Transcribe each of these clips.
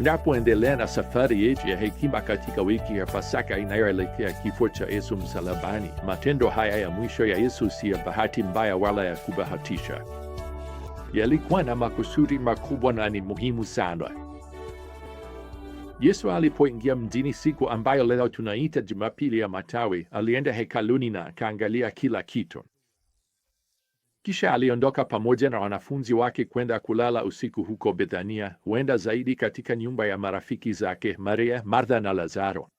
Tunapoendelea na safari yetu ya hekima katika wiki ya Pasaka inayoelekea kifo cha Yesu msalabani, matendo haya ya mwisho ya Yesu si ya bahati mbaya wala ya kubahatisha. Yalikuwa na makusudi makubwa na ni muhimu sana. Yesu alipoingia mjini siku ambayo leo tunaita Jumapili ya Matawi, alienda hekaluni na akaangalia kila kitu. Kisha aliondoka pamoja na wanafunzi wake kwenda kulala usiku huko Bethania, huenda zaidi katika nyumba ya marafiki zake Maria, Martha na Lazaro.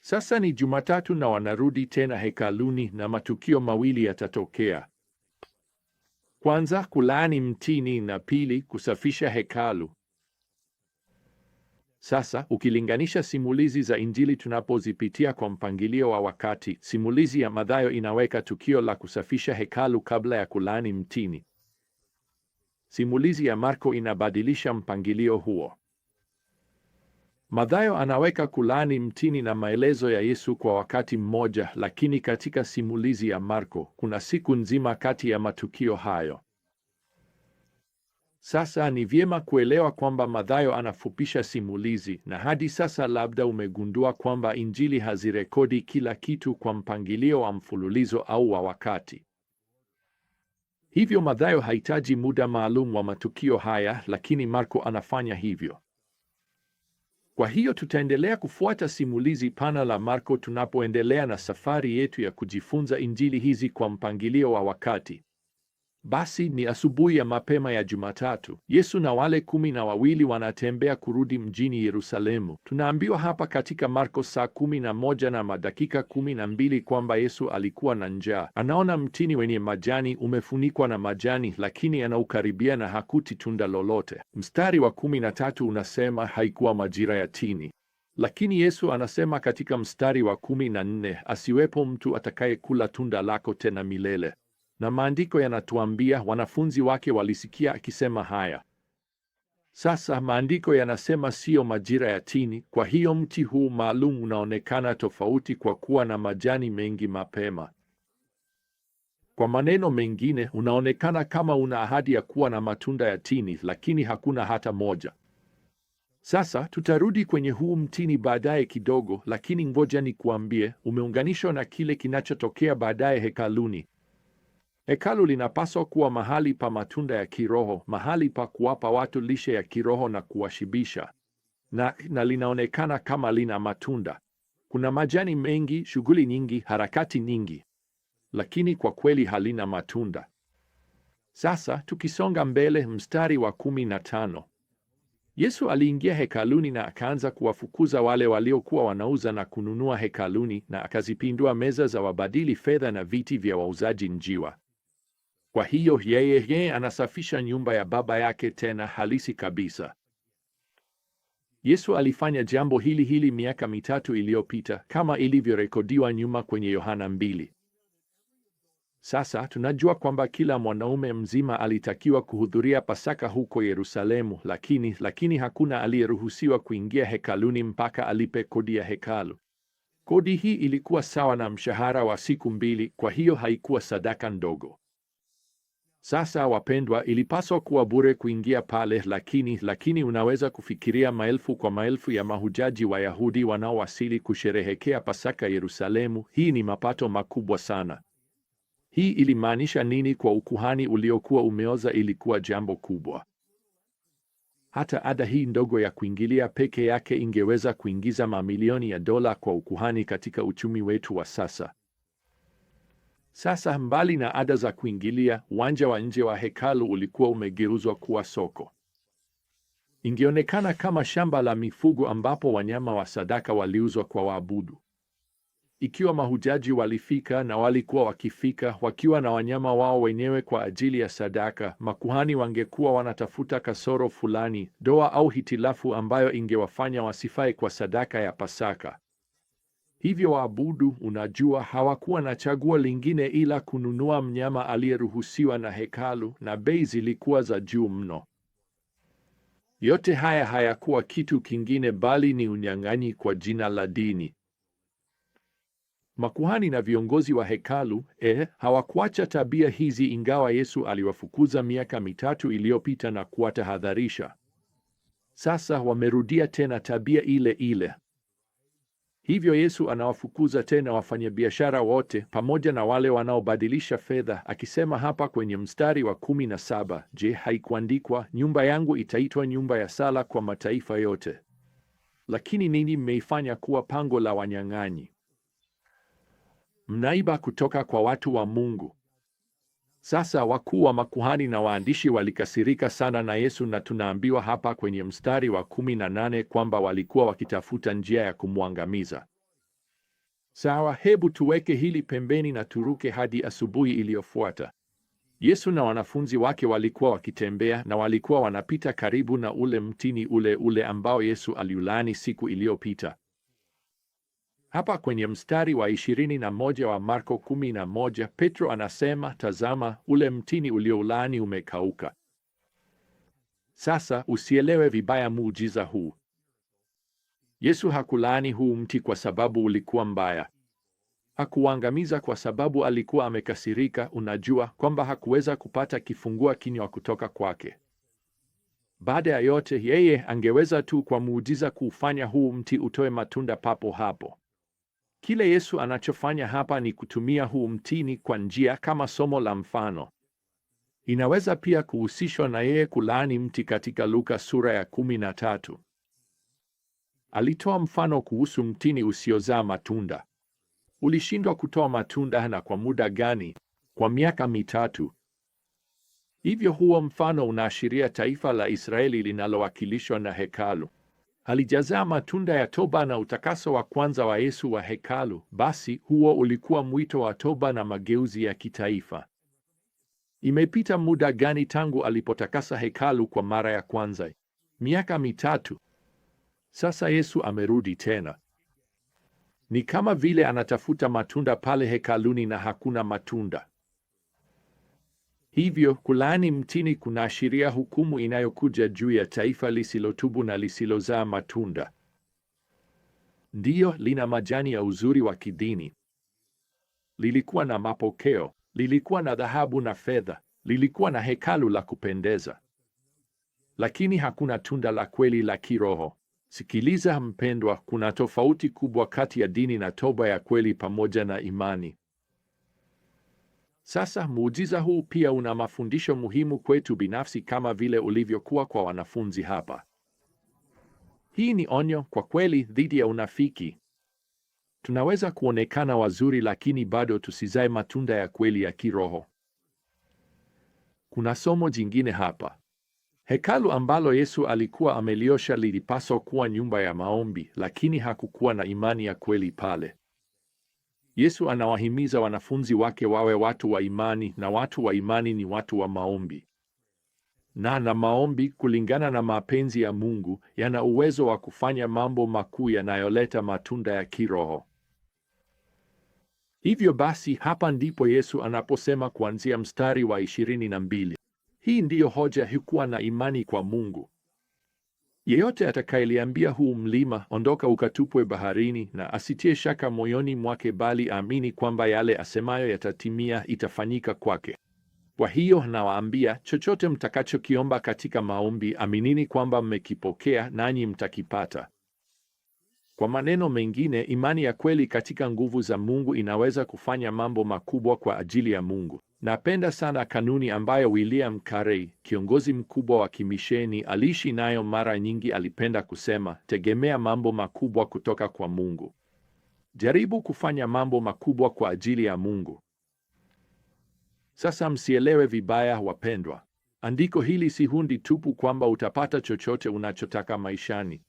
Sasa ni Jumatatu na wanarudi tena hekaluni na matukio mawili yatatokea. Kwanza, kulaani mtini na pili, kusafisha hekalu. Sasa ukilinganisha simulizi za Injili tunapozipitia kwa mpangilio wa wakati, simulizi ya Mathayo inaweka tukio la kusafisha hekalu kabla ya kulaani mtini. Simulizi ya Marko inabadilisha mpangilio huo. Mathayo anaweka kulaani mtini na maelezo ya Yesu kwa wakati mmoja, lakini katika simulizi ya Marko kuna siku nzima kati ya matukio hayo. Sasa ni vyema kuelewa kwamba Mathayo anafupisha simulizi, na hadi sasa labda umegundua kwamba Injili hazirekodi kila kitu kwa mpangilio wa mfululizo au wa wakati. Hivyo Mathayo hahitaji muda maalum wa matukio haya, lakini Marko anafanya hivyo. Kwa hiyo tutaendelea kufuata simulizi pana la Marko tunapoendelea na safari yetu ya kujifunza Injili hizi kwa mpangilio wa wakati. Basi ni asubuhi ya mapema ya Jumatatu. Yesu na wale kumi na wawili wanatembea kurudi mjini Yerusalemu. Tunaambiwa hapa katika Marko saa kumi na moja na madakika kumi na mbili kwamba Yesu alikuwa na njaa. Anaona mtini wenye majani umefunikwa na majani, lakini anaukaribia na hakuti tunda lolote. Mstari wa kumi na tatu unasema haikuwa majira ya tini. Lakini Yesu anasema katika mstari wa kumi na nne asiwepo mtu atakayekula tunda lako tena milele na maandiko yanatuambia wanafunzi wake walisikia akisema haya. Sasa maandiko yanasema siyo majira ya tini, kwa hiyo mti huu maalum unaonekana tofauti kwa kuwa na majani mengi mapema. Kwa maneno mengine, unaonekana kama una ahadi ya kuwa na matunda ya tini, lakini hakuna hata moja. Sasa tutarudi kwenye huu mtini baadaye kidogo, lakini ngoja nikuambie, umeunganishwa na kile kinachotokea baadaye hekaluni. Hekalu linapaswa kuwa mahali pa matunda ya kiroho, mahali pa kuwapa watu lishe ya kiroho na kuwashibisha. Na, na linaonekana kama lina matunda. Kuna majani mengi, shughuli nyingi, harakati nyingi, lakini kwa kweli halina matunda. Sasa tukisonga mbele, mstari wa kumi na tano Yesu aliingia hekaluni na akaanza kuwafukuza wale waliokuwa wanauza na kununua hekaluni, na akazipindua meza za wabadili fedha na viti vya wauzaji njiwa. Kwa hiyo yeye anasafisha nyumba ya baba yake tena halisi kabisa. Yesu alifanya jambo hili hili miaka mitatu iliyopita kama ilivyorekodiwa nyuma kwenye Yohana mbili. Sasa tunajua kwamba kila mwanaume mzima alitakiwa kuhudhuria Pasaka huko Yerusalemu, lakini lakini hakuna aliyeruhusiwa kuingia hekaluni mpaka alipe kodi ya hekalu. Kodi hii ilikuwa sawa na mshahara wa siku mbili, kwa hiyo haikuwa sadaka ndogo. Sasa wapendwa, ilipaswa kuwa bure kuingia pale, lakini lakini unaweza kufikiria maelfu kwa maelfu ya mahujaji Wayahudi wanaowasili kusherehekea Pasaka Yerusalemu. Hii ni mapato makubwa sana. Hii ilimaanisha nini kwa ukuhani uliokuwa umeoza? Ilikuwa jambo kubwa. Hata ada hii ndogo ya kuingilia peke yake ingeweza kuingiza mamilioni ya dola kwa ukuhani katika uchumi wetu wa sasa. Sasa mbali na ada za kuingilia, uwanja wa nje wa hekalu ulikuwa umegeuzwa kuwa soko. Ingeonekana kama shamba la mifugo ambapo wanyama wa sadaka waliuzwa kwa waabudu. Ikiwa mahujaji walifika na walikuwa wakifika wakiwa na wanyama wao wenyewe kwa ajili ya sadaka, makuhani wangekuwa wanatafuta kasoro fulani, doa au hitilafu ambayo ingewafanya wasifae kwa sadaka ya Pasaka. Hivyo waabudu, unajua, hawakuwa na chaguo lingine ila kununua mnyama aliyeruhusiwa na hekalu, na bei zilikuwa za juu mno. Yote haya hayakuwa kitu kingine bali ni unyang'anyi kwa jina la dini. Makuhani na viongozi wa hekalu eh, hawakuacha tabia hizi, ingawa Yesu aliwafukuza miaka mitatu iliyopita na kuwatahadharisha. Sasa wamerudia tena tabia ile ile. Hivyo Yesu anawafukuza tena wafanyabiashara wote pamoja na wale wanaobadilisha fedha, akisema hapa kwenye mstari wa kumi na saba, Je, haikuandikwa nyumba yangu itaitwa nyumba ya sala kwa mataifa yote? Lakini ninyi mmeifanya kuwa pango la wanyang'anyi. Mnaiba kutoka kwa watu wa Mungu. Sasa wakuu wa makuhani na waandishi walikasirika sana na Yesu, na tunaambiwa hapa kwenye mstari wa kumi na nane kwamba walikuwa wakitafuta njia ya kumwangamiza. Sawa, hebu tuweke hili pembeni na turuke hadi asubuhi iliyofuata. Yesu na wanafunzi wake walikuwa wakitembea na walikuwa wanapita karibu na ule mtini ule ule ambao Yesu aliulani siku iliyopita. Hapa kwenye mstari wa ishirini na moja wa Marko kumi na moja Petro anasema, tazama ule mtini ulioulaani umekauka. Sasa usielewe vibaya muujiza huu. Yesu hakulaani huu mti kwa sababu ulikuwa mbaya. Hakuangamiza kwa sababu alikuwa amekasirika. Unajua kwamba hakuweza kupata kifungua kinywa kutoka kwake. Baada ya yote, yeye angeweza tu kwa muujiza kuufanya huu mti utoe matunda papo hapo. Kile Yesu anachofanya hapa ni kutumia huu mtini kwa njia kama somo la mfano. Inaweza pia kuhusishwa na yeye kulaani mti katika Luka sura ya kumi na tatu. Alitoa mfano kuhusu mtini usiozaa matunda. Ulishindwa kutoa matunda na kwa muda gani? Kwa miaka mitatu. Hivyo huo mfano unaashiria taifa la Israeli linalowakilishwa na hekalu alijazaa matunda ya toba na utakaso wa kwanza wa Yesu wa hekalu. Basi huo ulikuwa mwito wa toba na mageuzi ya kitaifa. Imepita muda gani tangu alipotakasa hekalu kwa mara ya kwanza? Miaka mitatu. Sasa Yesu amerudi tena. Ni kama vile anatafuta matunda pale hekaluni na hakuna matunda. Hivyo kulaani mtini kunaashiria hukumu inayokuja juu ya taifa lisilotubu na lisilozaa matunda. Ndiyo, lina majani ya uzuri wa kidini. Lilikuwa na mapokeo, lilikuwa na dhahabu na fedha, lilikuwa na hekalu la kupendeza, lakini hakuna tunda la kweli la kiroho. Sikiliza mpendwa, kuna tofauti kubwa kati ya dini na toba ya kweli pamoja na imani. Sasa muujiza huu pia una mafundisho muhimu kwetu binafsi kama vile ulivyokuwa kwa wanafunzi hapa. Hii ni onyo kwa kweli dhidi ya unafiki. Tunaweza kuonekana wazuri lakini bado tusizae matunda ya kweli ya kiroho. Kuna somo jingine hapa. Hekalu ambalo Yesu alikuwa ameliosha lilipaswa kuwa nyumba ya maombi, lakini hakukuwa na imani ya kweli pale. Yesu anawahimiza wanafunzi wake wawe watu wa imani, na watu wa imani ni watu wa maombi na na maombi kulingana na mapenzi ya Mungu yana uwezo wa kufanya mambo makuu yanayoleta matunda ya kiroho. Hivyo basi, hapa ndipo Yesu anaposema kuanzia mstari wa ishirini na mbili, hii ndiyo hoja: hikuwa na imani kwa Mungu. Yeyote atakayeliambia huu mlima, ondoka ukatupwe baharini, na asitie shaka moyoni mwake, bali aamini kwamba yale asemayo yatatimia, itafanyika kwake. Kwa hiyo nawaambia, chochote mtakachokiomba katika maombi, aminini kwamba mmekipokea, nanyi mtakipata. Kwa maneno mengine, imani ya kweli katika nguvu za Mungu inaweza kufanya mambo makubwa kwa ajili ya Mungu. Napenda sana kanuni ambayo William Carey, kiongozi mkubwa wa kimisheni, aliishi nayo. Mara nyingi alipenda kusema, tegemea mambo makubwa kutoka kwa Mungu. Jaribu kufanya mambo makubwa kwa ajili ya Mungu. Sasa msielewe vibaya, wapendwa. Andiko hili si hundi tupu kwamba utapata chochote unachotaka maishani.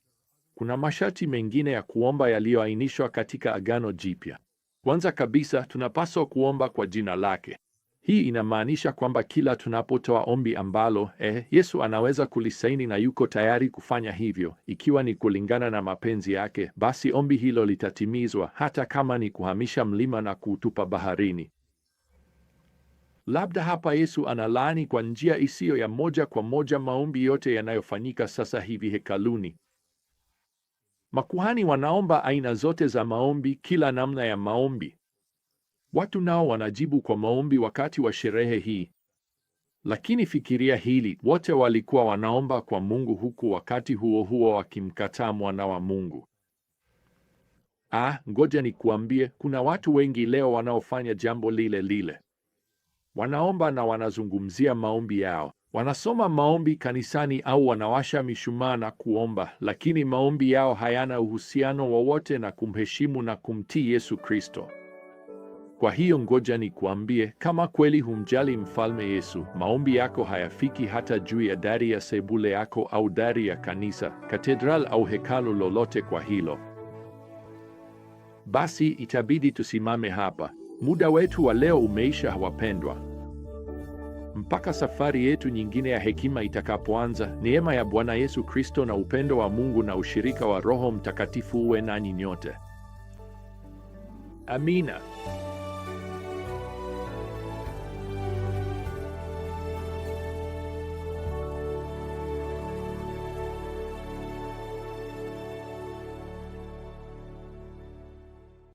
Kuna masharti mengine ya kuomba yaliyoainishwa katika Agano Jipya. Kwanza kabisa, tunapaswa kuomba kwa jina lake. Hii inamaanisha kwamba kila tunapotoa ombi ambalo eh, Yesu anaweza kulisaini na yuko tayari kufanya hivyo, ikiwa ni kulingana na mapenzi yake, basi ombi hilo litatimizwa, hata kama ni kuhamisha mlima na kuutupa baharini. Labda hapa Yesu analaani kwa njia isiyo ya moja kwa moja maombi yote yanayofanyika sasa hivi hekaluni. Makuhani wanaomba aina zote za maombi, kila namna ya maombi. Watu nao wanajibu kwa maombi wakati wa sherehe hii. Lakini fikiria hili, wote walikuwa wanaomba kwa Mungu huku wakati huo huo wakimkataa mwana wa Mungu. Ah, ngoja nikuambie, kuna watu wengi leo wanaofanya jambo lile lile. Wanaomba na wanazungumzia maombi yao. Wanasoma maombi kanisani au wanawasha mishumaa na kuomba, lakini maombi yao hayana uhusiano wowote na kumheshimu na kumtii Yesu Kristo. Kwa hiyo ngoja nikuambie, kama kweli humjali mfalme Yesu, maombi yako hayafiki hata juu ya dari ya sebule yako au dari ya kanisa, katedral au hekalu lolote. Kwa hilo basi, itabidi tusimame hapa. Muda wetu wa leo umeisha, wapendwa. Mpaka safari yetu nyingine ya hekima itakapoanza, neema ya Bwana Yesu Kristo na upendo wa Mungu na ushirika wa Roho Mtakatifu uwe nanyi nyote. Amina.